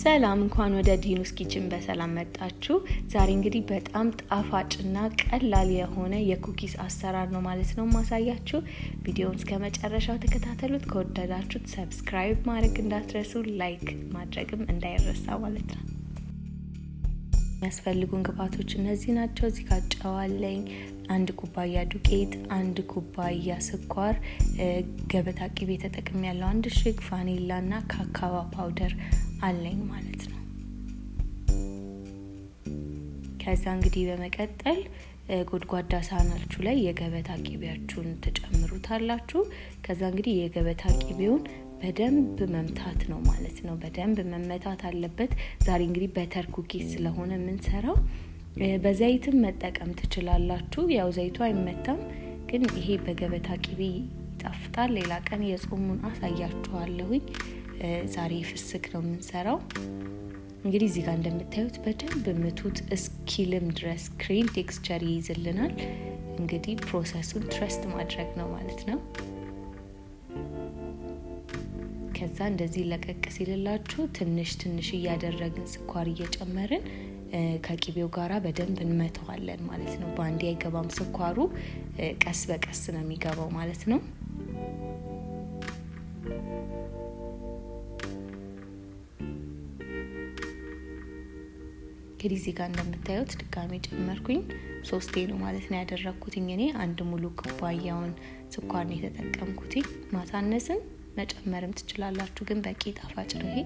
ሰላም እንኳን ወደ ዲኑስ ኪችን በሰላም መጣችሁ። ዛሬ እንግዲህ በጣም ጣፋጭና ቀላል የሆነ የኩኪስ አሰራር ነው ማለት ነው ማሳያችሁ። ቪዲዮውን እስከ መጨረሻው ተከታተሉት። ከወደዳችሁት ሰብስክራይብ ማድረግ እንዳትረሱ፣ ላይክ ማድረግም እንዳይረሳ ማለት ነው። የሚያስፈልጉን ግብአቶች እነዚህ ናቸው። እዚህ ጋር አንድ ኩባያ ዱቄት፣ አንድ ኩባያ ስኳር፣ ገበታ ቂቤ ተጠቅም ያለው አንድ ሽግ ቫኒላ እና ካካባ ፓውደር አለኝ ማለት ነው። ከዛ እንግዲህ በመቀጠል ጎድጓዳ ሳህናችሁ ላይ የገበታ ቂቤያችሁን ትጨምሩታላችሁ። ከዛ እንግዲህ የገበታ ቂቤውን በደንብ መምታት ነው ማለት ነው። በደንብ መመታት አለበት። ዛሬ እንግዲህ በተር ኩኪስ ስለሆነ የምንሰራው በዘይትም መጠቀም ትችላላችሁ። ያው ዘይቱ አይመታም፣ ግን ይሄ በገበታ ቂቤ ይጣፍጣል። ሌላ ቀን የጾሙን አሳያችኋለሁኝ። ዛሬ ፍስክ ነው የምንሰራው። እንግዲህ እዚህ ጋር እንደምታዩት በደንብ ምቱት እስኪልም ድረስ ክሬም ቴክስቸር ይይዝልናል። እንግዲህ ፕሮሰሱን ትረስት ማድረግ ነው ማለት ነው። ከዛ እንደዚህ ለቀቅ ሲልላችሁ ትንሽ ትንሽ እያደረግን ስኳር እየጨመርን ከቂቤው ጋራ በደንብ እንመተዋለን ማለት ነው። በአንዴ አይገባም ስኳሩ፣ ቀስ በቀስ ነው የሚገባው ማለት ነው። እንግዲህ እዚህ ጋር እንደምታዩት ድጋሜ ጨመርኩኝ። ሶስቴ ነው ማለት ነው ያደረግኩትኝ እኔ አንድ ሙሉ ኩባያውን ስኳር ነው የተጠቀምኩትኝ። መጨመርም ትችላላችሁ። ግን በቂ ጣፋጭ ነው ይሄ።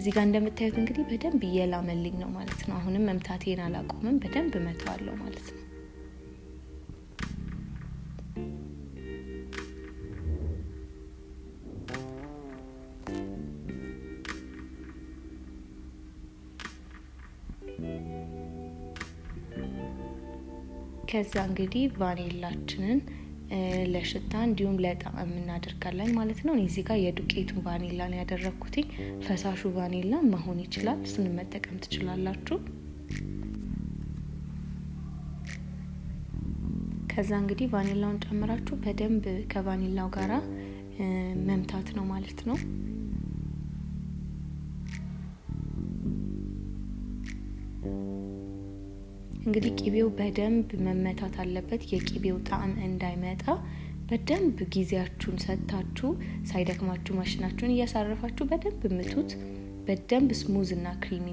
እዚህ ጋር እንደምታዩት እንግዲህ በደንብ እየላመልኝ ነው ማለት ነው። አሁንም መምታቴን አላቆምም፣ በደንብ እመታዋለሁ ማለት ነው። ከዛ እንግዲህ ቫኔላችንን ለሽታ እንዲሁም ለጣዕም እናደርጋለን ማለት ነው። እዚህ ጋር የዱቄቱ ቫኒላ ነው ያደረግኩት ፈሳሹ ቫኒላ መሆን ይችላል፣ እሱን መጠቀም ትችላላችሁ። ከዛ እንግዲህ ቫኒላውን ጨምራችሁ በደንብ ከቫኒላው ጋራ መምታት ነው ማለት ነው። እንግዲህ ቂቤው በደንብ መመታት አለበት። የቂቤው ጣዕም እንዳይመጣ በደንብ ጊዜያችሁን ሰጥታችሁ ሳይደክማችሁ ማሽናችሁን እያሳረፋችሁ በደንብ ምቱት። በደንብ ስሙዝ እና ክሪሚ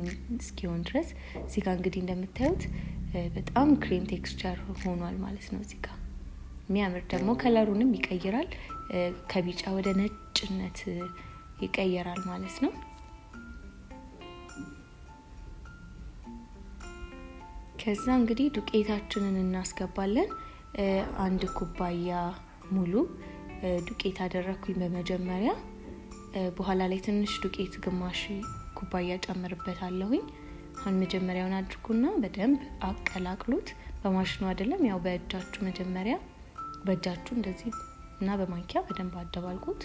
እስኪሆን ድረስ እዚጋ እንግዲህ እንደምታዩት በጣም ክሬም ቴክስቸር ሆኗል ማለት ነው። እዚጋ የሚያምር ደግሞ ከለሩንም ይቀይራል፣ ከቢጫ ወደ ነጭነት ይቀየራል ማለት ነው። ከዛ እንግዲህ ዱቄታችንን እናስገባለን። አንድ ኩባያ ሙሉ ዱቄት አደረግኩኝ በመጀመሪያ። በኋላ ላይ ትንሽ ዱቄት ግማሽ ኩባያ ጨምርበታለሁኝ። አሁን መጀመሪያውን አድርጉና በደንብ አቀላቅሉት። በማሽኑ አይደለም፣ ያው በእጃችሁ መጀመሪያ በእጃችሁ እንደዚህ እና በማንኪያ በደንብ አደባልቁት።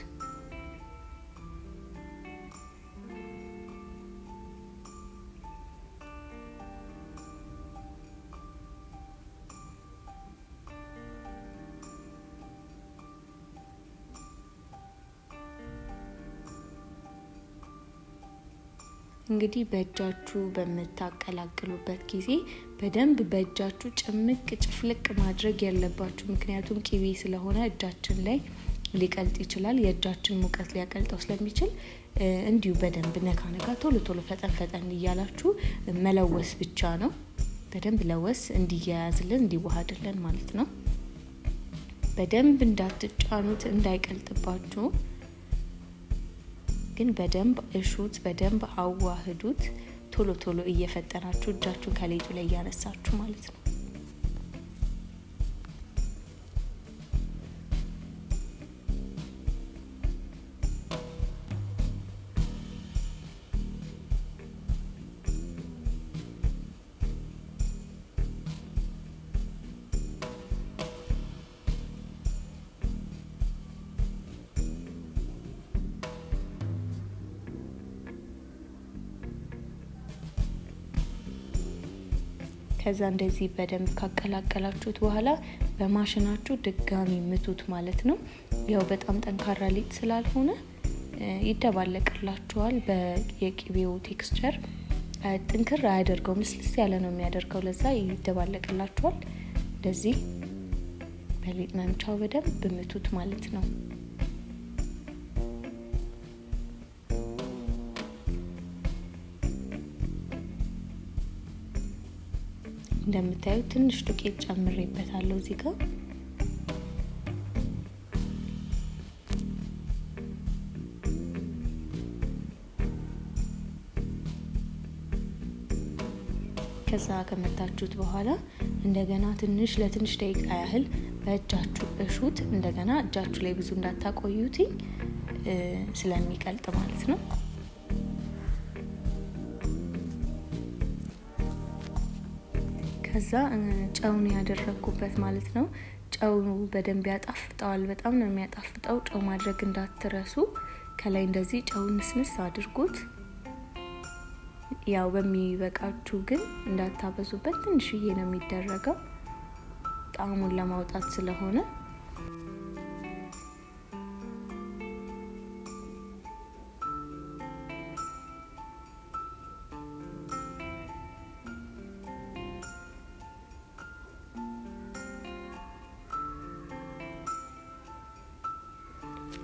እንግዲህ በእጃችሁ በምታቀላቅሉበት ጊዜ በደንብ በእጃችሁ ጭምቅ ጭፍልቅ ማድረግ ያለባችሁ፣ ምክንያቱም ቂቤ ስለሆነ እጃችን ላይ ሊቀልጥ ይችላል። የእጃችን ሙቀት ሊያቀልጠው ስለሚችል እንዲሁ በደንብ ነካ ነካ፣ ቶሎ ቶሎ ፈጠን ፈጠን እያላችሁ መለወስ ብቻ ነው። በደንብ ለወስ እንዲያያዝልን እንዲዋሃድልን ማለት ነው። በደንብ እንዳትጫኑት እንዳይቀልጥባችሁ ግን በደንብ እሹት፣ በደንብ አዋህዱት። ቶሎ ቶሎ እየፈጠናችሁ እጃችሁን ከሌጡ ላይ እያነሳችሁ ማለት ነው። ከዛ እንደዚህ በደንብ ካቀላቀላችሁት በኋላ በማሽናችሁ ድጋሚ ምቱት ማለት ነው። ያው በጣም ጠንካራ ሊጥ ስላልሆነ ይደባለቅላችኋል። የቅቤው ቴክስቸር ጥንክር አያደርገው፣ ምስልስ ያለ ነው የሚያደርገው። ለዛ ይደባለቅላችኋል። እንደዚህ በሊጥ መምቻው በደንብ ምቱት ማለት ነው። እንደምታዩት ትንሽ ዱቄት ጨምሬበታለሁ እዚህ ጋር ከዛ ከመታችሁት በኋላ እንደገና ትንሽ ለትንሽ ደቂቃ ያህል በእጃችሁ እሹት። እንደገና እጃችሁ ላይ ብዙ እንዳታቆዩትኝ ስለሚቀልጥ ማለት ነው። ከዛ ጨውን ያደረግኩበት ማለት ነው። ጨው በደንብ ያጣፍጠዋል። በጣም ነው የሚያጣፍጠው። ጨው ማድረግ እንዳትረሱ። ከላይ እንደዚህ ጨው ንስንስ አድርጉት። ያው በሚበቃችሁ ግን እንዳታበዙበት። ትንሽዬ ነው የሚደረገው ጣዕሙን ለማውጣት ስለሆነ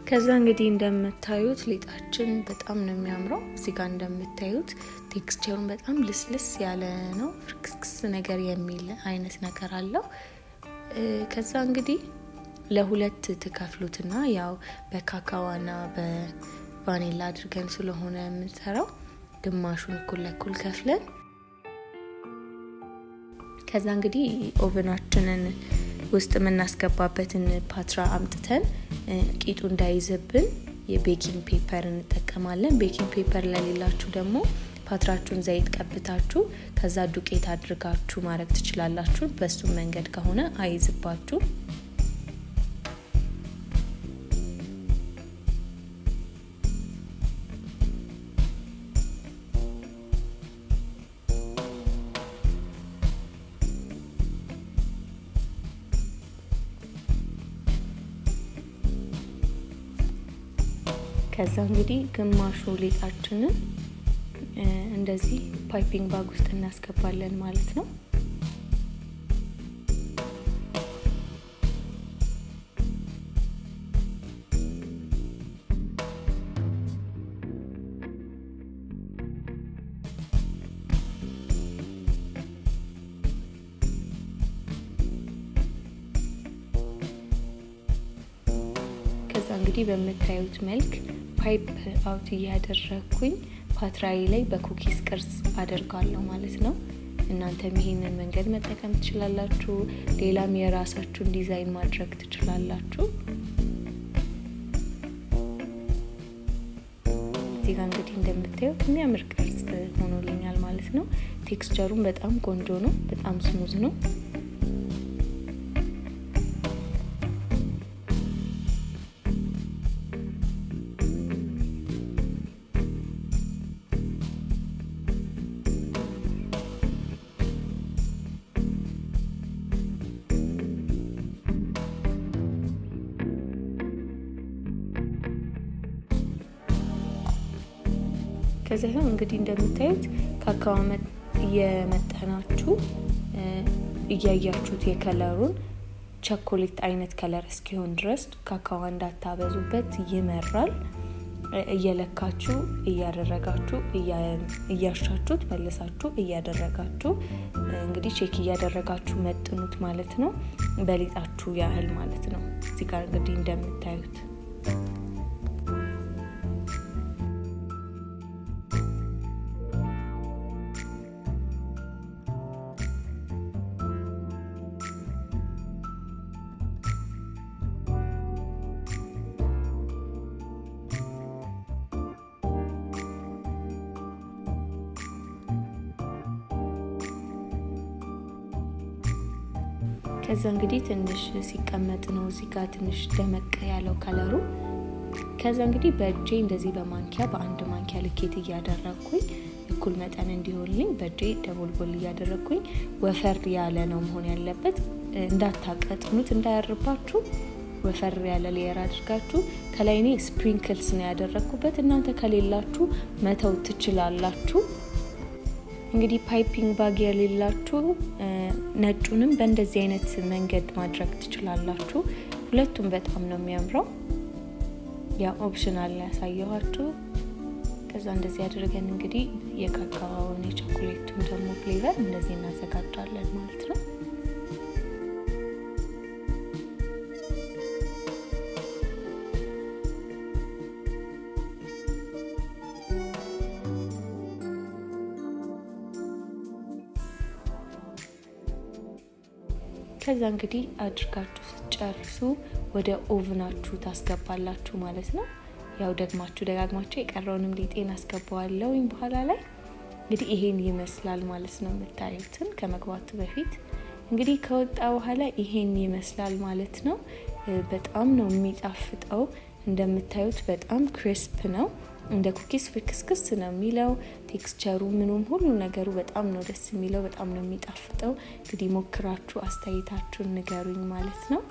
ከዛ እንግዲህ እንደምታዩት ሊጣችን በጣም ነው የሚያምረው። እዚህ ጋር እንደምታዩት ቴክስቸሩን በጣም ልስልስ ያለ ነው። ፍርክስክስ ነገር የሚል አይነት ነገር አለው። ከዛ እንግዲህ ለሁለት ትከፍሉትና ያው በካካዋና በቫኒላ አድርገን ስለሆነ የምንሰራው ግማሹን እኩል ለኩል ከፍለን ከዛ እንግዲህ ኦቨናችንን ውስጥ የምናስገባበትን ፓትራ አምጥተን ቂጡ እንዳይዝብን የቤኪንግ ፔፐር እንጠቀማለን። ቤኪንግ ፔፐር ለሌላችሁ ደግሞ ፓትራችሁን ዘይት ቀብታችሁ ከዛ ዱቄት አድርጋችሁ ማድረግ ትችላላችሁ። በሱም መንገድ ከሆነ አይዝባችሁ ከዛ እንግዲህ ግማሹ ሊጣችንን እንደዚህ ፓይፒንግ ባግ ውስጥ እናስገባለን ማለት ነው። ከዛ እንግዲህ በምታዩት መልክ ፓይፕ አውት እያደረግኩኝ ፓትራይ ላይ በኩኪስ ቅርጽ አደርጋለሁ ማለት ነው። እናንተም ይሄንን መንገድ መጠቀም ትችላላችሁ። ሌላም የራሳችሁን ዲዛይን ማድረግ ትችላላችሁ። እዚህ ጋር እንግዲህ እንደምታዩት የሚያምር ቅርጽ ሆኖልኛል ማለት ነው። ቴክስቸሩም በጣም ቆንጆ ነው። በጣም ስሙዝ ነው። እንደዛ ይሁን እንግዲህ እንደምታዩት ከአካባመጥ እየመጠናችሁ እያያችሁት የከለሩን ቸኮሌት አይነት ከለር እስኪሆን ድረስ ካካዋ እንዳታበዙበት ይመራል። እየለካችሁ እያደረጋችሁ እያሻችሁት መልሳችሁ እያደረጋችሁ እንግዲህ ቼክ እያደረጋችሁ መጥኑት ማለት ነው። በሊጣችሁ ያህል ማለት ነው። እዚህ ጋር እንግዲህ እንደምታዩት ከዛ እንግዲህ ትንሽ ሲቀመጥ ነው እዚህ ጋር ትንሽ ደመቅ ያለው ከለሩ። ከዛ እንግዲህ በእጄ እንደዚህ በማንኪያ በአንድ ማንኪያ ልኬት እያደረግኩኝ እኩል መጠን እንዲሆንልኝ በእጄ ደቦልቦል እያደረግኩኝ ወፈር ያለ ነው መሆን ያለበት። እንዳታቀጥኑት እንዳያርባችሁ ወፈር ያለ ሌየር አድርጋችሁ ከላይ እኔ ስፕሪንክልስ ነው ያደረግኩበት። እናንተ ከሌላችሁ መተው ትችላላችሁ። እንግዲህ ፓይፒንግ ባግ የሌላችሁ ነጩንም በእንደዚህ አይነት መንገድ ማድረግ ትችላላችሁ። ሁለቱም በጣም ነው የሚያምረው። ያ ኦፕሽናል ያሳየኋችሁ። ከዛ እንደዚህ አድርገን እንግዲህ የካካዋውን የቸኮሌቱን ደግሞ ፍሌቨር እንደዚህ እናዘጋጃለን ማለት ነው። ከዛ እንግዲህ አድርጋችሁ ስትጨርሱ ወደ ኦቭናችሁ ታስገባላችሁ ማለት ነው። ያው ደግማችሁ ደጋግማችሁ የቀረውንም ሊጤን አስገባዋለሁ በኋላ ላይ እንግዲህ ይሄን ይመስላል ማለት ነው። የምታዩትን ከመግባቱ በፊት እንግዲህ ከወጣ በኋላ ይሄን ይመስላል ማለት ነው። በጣም ነው የሚጣፍጠው እንደምታዩት በጣም ክሪስፕ ነው። እንደ ኩኪስ ፍክስክስ ነው የሚለው ቴክስቸሩ፣ ምኑም ሁሉ ነገሩ በጣም ነው ደስ የሚለው፣ በጣም ነው የሚጣፍጠው። እንግዲህ ሞክራችሁ አስተያየታችሁን ንገሩኝ ማለት ነው።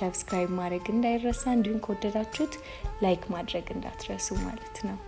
ሰብስክራይብ ማድረግ እንዳይረሳ፣ እንዲሁም ከወደዳችሁት ላይክ ማድረግ እንዳትረሱ ማለት ነው።